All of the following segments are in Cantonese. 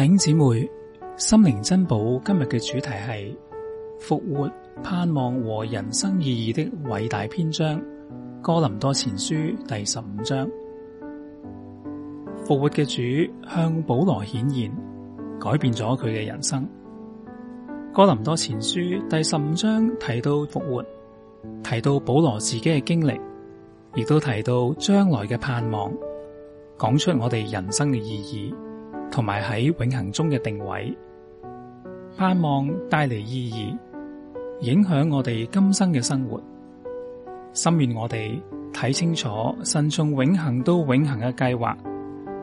弟兄姊妹，心靈珍寶，今日嘅主題係復活、盼望和人生意義的偉大篇章——哥林多前書第十五章。復活嘅主向保羅顯現，改變咗佢嘅人生。哥林多前書第十五章提到復活，提到保羅自己嘅經歷，亦都提到將來嘅盼望，講出我哋人生嘅意義。同埋喺永恆中嘅定位，盼望帶嚟意義，影響我哋今生嘅生活，心願我哋睇清楚神從永恆到永恆嘅計劃，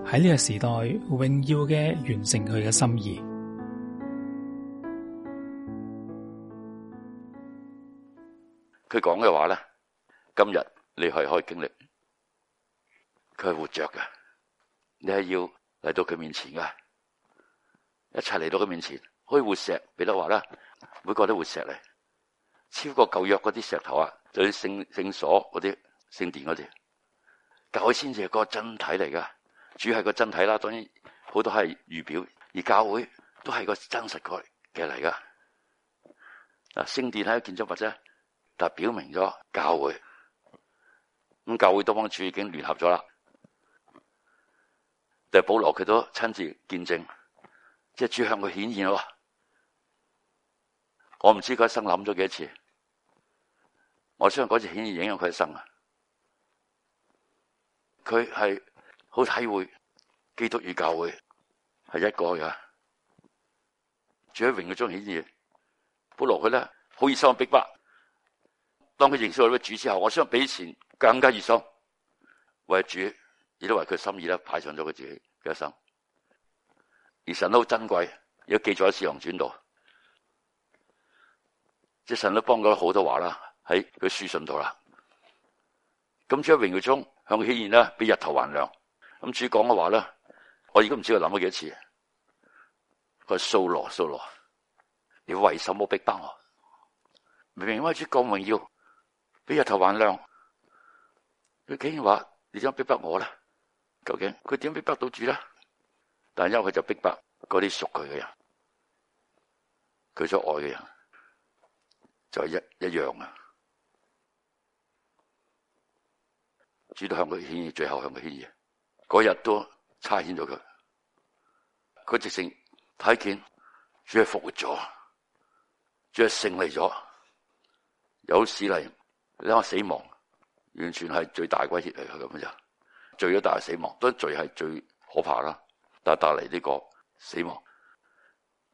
喺呢個時代榮耀嘅完成佢嘅心意。佢講嘅話咧，今日你係可以經歷，佢係活着嘅，你係要。嚟到佢面前噶，一齊嚟到佢面前，可以活石，彼得話啦，每個都活石嚟，超過舊約嗰啲石頭啊，就聖聖所嗰啲聖殿嗰啲，教會先至係個真體嚟噶，主要係個真體啦，當然好多係預表，而教會都係個真實的個嘅嚟噶，嗱聖殿係個建築物啫，但係表明咗教會，咁教會多方主已經聯合咗啦。保羅，佢都親自見證，即係主向佢顯現咯。我唔知佢一生諗咗幾次，我相信嗰次顯現影響佢一生啊！佢係好體會基督與教會係一個噶，主喺榮耀中顯現，保羅佢咧好熱心，逼迫當佢認識個主之後，我相比以前更加熱心為主。亦都為佢心意啦，派上咗佢自己嘅一生。而神都好珍貴，而都記載喺《使徒行傳》度。即神都幫咗好多話啦，喺佢書信度啦。咁主喺榮耀中向佢顯現啦，比日頭還亮。咁主講嘅話咧，我而家唔知佢諗咗幾多次。佢掃羅掃羅，掃羅，掃羅，你為什麼逼迫我？明明為主講榮耀，比日頭還亮，佢竟然話你將逼迫我咧？究竟佢點俾逼到主咧？但係因為佢就逼迫嗰啲屬佢嘅人，佢所愛嘅人就係、一一樣啊！主都向佢獻意，最後向佢獻意，嗰日都差遣咗佢。佢直情睇見主係復活咗，主係勝利咗，有史例你睇下死亡完全係最大威脅嚟嘅咁樣。罪咗，但係死亡，都罪係最可怕啦。但係帶嚟呢個死亡，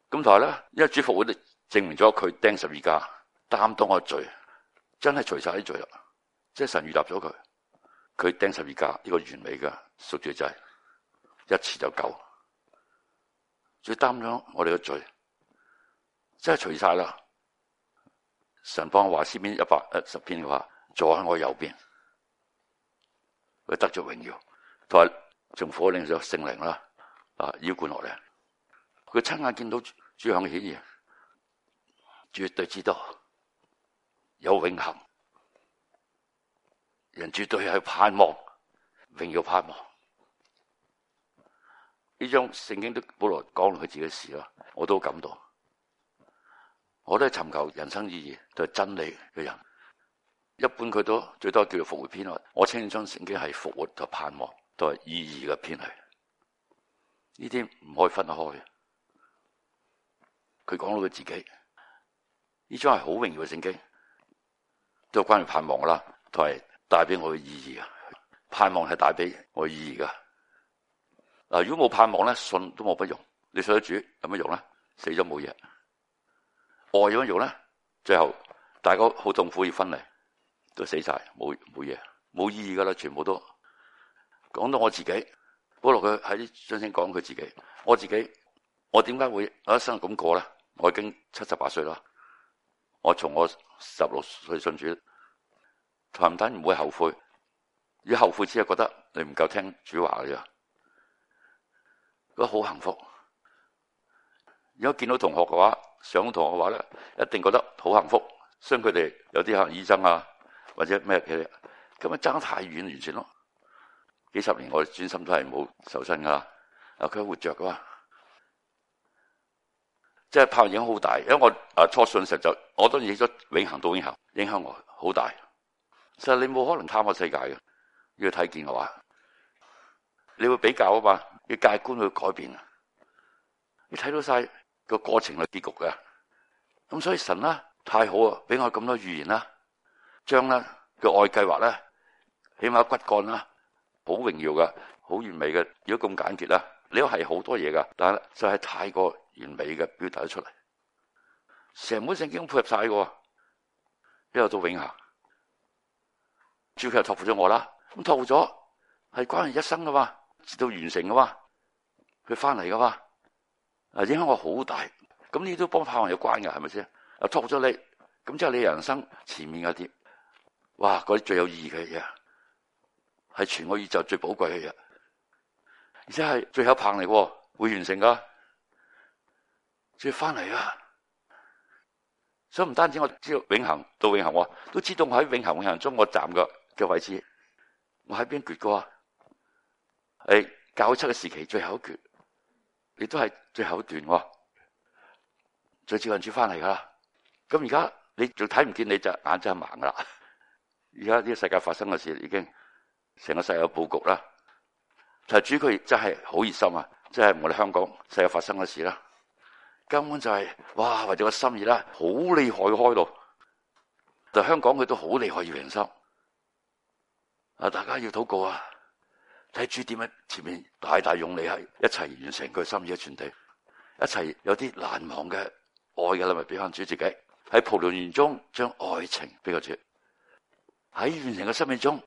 咁同埋咧，因為主復活，證明咗佢釘十字架擔當我罪，真係除晒啲罪啦。即係神預立咗佢，佢釘十字架呢，這個完美嘅贖罪祭，就是一次就夠，最擔咗我哋嘅罪，真係除晒啦。神幫我話詩篇一百一十篇嘅話，坐喺我右邊。佢得着榮耀，同埋從火令就聖靈啦，啊，澆灌落嚟，佢親眼見到主向嘅顯現，絕對知道有永恒，人絕對係盼望永耀盼望。呢種聖經都保羅講佢自己的事，我都感到，我都是尋求人生意義、都係真理嘅人。一般佢都最多叫做復活篇啦。我稱呢章聖經係復活同盼望都係意義嘅篇嚟，呢啲唔可以分開嘅。佢講到佢自己呢章係好榮耀嘅聖經，都係關於盼望㗎啦，同埋帶俾我嘅意義啊。盼望係帶俾我嘅意義噶嗱。如果冇盼望咧，信都冇乜用。你信咗主有乜用咧？死咗冇嘢，愛有乜用咧？最後大家好痛苦要分離。都死晒，冇冇嘢，冇意義㗎啦！全部都講到我自己，包括佢喺張聲講佢自己。我自己，我點解會我一生咁過咧？我已經七十八歲啦。我從我十六歲信主，談唔唔會後悔，要後悔只係覺得你唔夠聽主話㗎。覺得好幸福。如果見到同學嘅話，上咗堂嘅話咧，一定覺得好幸福。雖然佢哋有啲係醫生啊。或者咩咁啊？爭太遠，完全咯！幾十年我轉心都係冇受身噶啦。啊，佢活着噶嘛？即係拍影好大，因為我啊初信嘅時候就我當然影咗永恆到永恆，影響我好大。其實你冇可能貪我世界嘅，要睇見嘅話你會比較啊嘛，你界觀會改變啊！你睇到晒個過程係結局嘅，咁所以神啦、啊，太好啊，俾我咁多預言啦。將啦嘅愛計劃咧，起碼骨幹啦，好榮耀噶，好完美嘅。如果咁簡潔啦，你都係好多嘢噶，但係就係太過完美嘅表達出嚟，成本聖經配合晒㗎喎。呢度到永恆。照佢托付咗我啦，咁托付咗係關人一生噶嘛，直到完成噶嘛，佢翻嚟噶嘛，啊影響我好大。咁你都幫盼望有關㗎，係咪先？啊托付咗你，咁即係你人生前面嗰啲。哇！嗰啲最有意義嘅嘢，係全個宇宙最寶貴嘅嘢，而且係最後一棒嚟喎，會完成噶，再翻嚟啊！所以唔單止我知道永恆到永恆喎，都知道我喺永恆永恆中我站嘅嘅位置，我喺邊決過啊？係、欸、教七嘅時期最後一決，亦都係最後一段喎、哦，再接近住翻嚟噶啦。咁而家你仲睇唔見你就眼真係盲噶啦～而家呢個世界發生嘅事已經成個世界佈局啦。就是主佢真係好熱心啊！即係我哋香港世界發生嘅事啦，根本就係、是、哇，為咗個心意啦，好厲害開到。就是、香港佢都好厲害熱心啊！大家要禱告啊，睇主點啊！前面大大用力係一齊完成佢心意嘅傳遞，一齊有啲難忘嘅愛嘅啦，咪俾翻主自己喺葡萄園中將愛情俾個主。喺完成嘅生命中，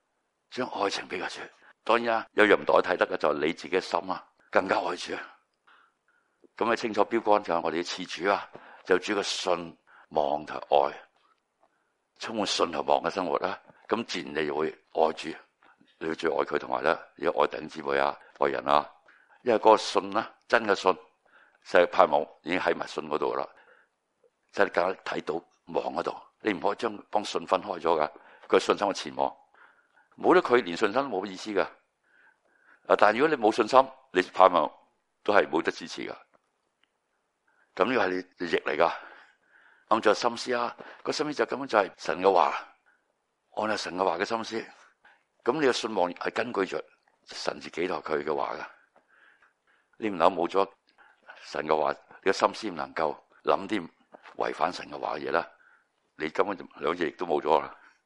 將愛情俾佢住。當然啦、啊，有人代睇得嘅就係你自己嘅心啊，更加愛住。咁啊，清楚標竿就係我哋嘅主主啊，就主嘅信望同愛，充滿信同望嘅生活啦、啊。咁自然你就會愛住，你要最愛佢，同埋咧要愛弟兄姊妹啊，愛人啊。因為嗰個信啦、啊，真嘅信，世界盼望已經喺埋信嗰度啦，即係睇到望嗰度，你唔可以將幫信分開咗噶。佢信心嘅前往，冇得佢連信心都冇意思噶。啊！但係如果你冇信心，你盼望都係冇得支持噶。咁呢個係你逆嚟噶。按住心思啊，個心思就根本就係神嘅話，按住神嘅話嘅心思。咁你嘅信望係根據着神自己托佢嘅話噶。呢面樓冇咗神嘅話，你嘅心思唔能夠諗啲違反神嘅話嘅嘢啦。你根本就兩隻亦都冇咗啦。